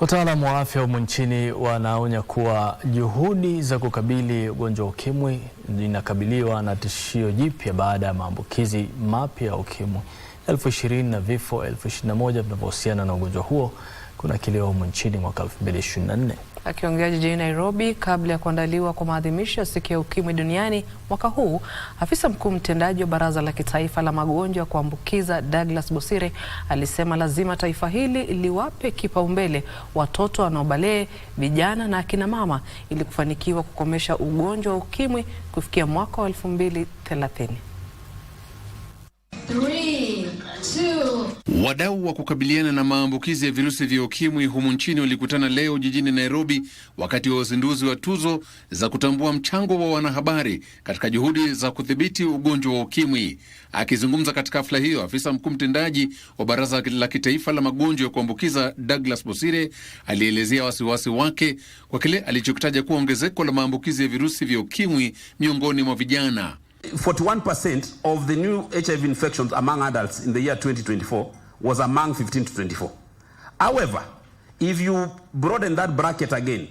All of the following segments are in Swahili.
Wataalamu wa afya humu nchini wanaonya kuwa juhudi za kukabili ugonjwa wa UKIMWI zinakabiliwa na tishio jipya baada ya maambukizi mapya ya UKIMWI elfu ishirini na vifo elfu ishirini na moja vinavyohusiana na ugonjwa huo kuna kilio humu nchini mwaka 2024. Akiongea jijini Nairobi kabla ya kuandaliwa kwa maadhimisho ya siku ya ukimwi duniani mwaka huu, afisa mkuu mtendaji wa baraza la kitaifa la magonjwa ya kuambukiza Douglas Bosire alisema lazima taifa hili liwape kipaumbele watoto wanaobalee, vijana na akina mama ili kufanikiwa kukomesha ugonjwa wa ukimwi kufikia mwaka wa 2030. Wadau wa kukabiliana na maambukizi ya virusi vya ukimwi humu nchini walikutana leo jijini Nairobi wakati wa uzinduzi wa tuzo za kutambua mchango wa wanahabari katika juhudi za kudhibiti ugonjwa wa ukimwi. Akizungumza katika hafla hiyo, afisa mkuu mtendaji wa Baraza la Kitaifa la Magonjwa ya Kuambukiza Douglas Bosire alielezea wasiwasi wake kwa kile alichokitaja kuwa ongezeko la maambukizi ya virusi vya ukimwi miongoni mwa vijana. 41% of the new HIV infections among adults in the year 2024 was among 15 to 24. However, if you broaden that bracket again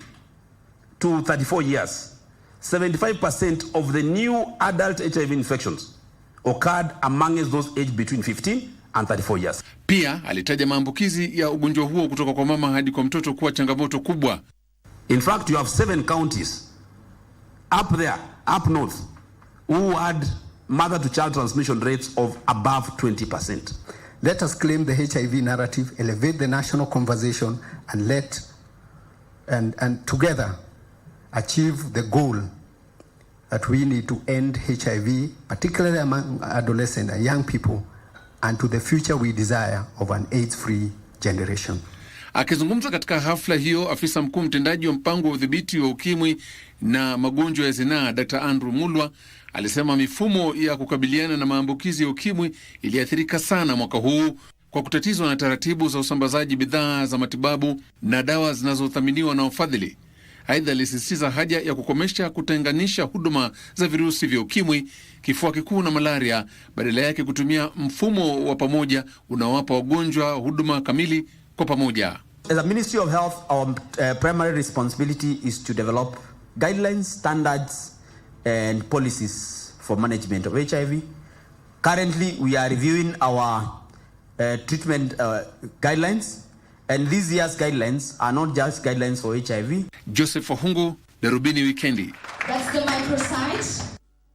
to 34 years, 75% of the new adult HIV infections occurred among those aged between 15 and 34 years. Pia alitaja maambukizi ya ugonjwa huo kutoka kwa mama hadi kwa mtoto kuwa changamoto kubwa. In fact, you have seven counties up there, up north who had mother to child transmission rates of above 20%. Let us claim the HIV narrative, elevate the national conversation, and let and, and together achieve the goal that we need to end HIV, particularly among adolescents and young people, and to the future we desire of an AIDS-free generation. Akizungumza katika hafla hiyo, afisa mkuu mtendaji wa mpango wa udhibiti wa ukimwi na magonjwa ya zinaa Dr Andrew Mulwa alisema mifumo ya kukabiliana na maambukizi ya ukimwi iliathirika sana mwaka huu kwa kutatizwa na taratibu za usambazaji bidhaa za matibabu na dawa zinazothaminiwa na wafadhili. Aidha, alisisitiza haja ya kukomesha kutenganisha huduma za virusi vya ukimwi, kifua kikuu na malaria, badala yake kutumia mfumo wa pamoja unaowapa wagonjwa huduma kamili kwa pamoja. As a Ministry of Health, our uh, primary responsibility is to develop guidelines, standards and policies for management of HIV. Currently, we are reviewing our uh, treatment uh, guidelines and these year's guidelines are not just guidelines for HIV. Joseph Ohungu, Darubini Wikendi. That's the microsite.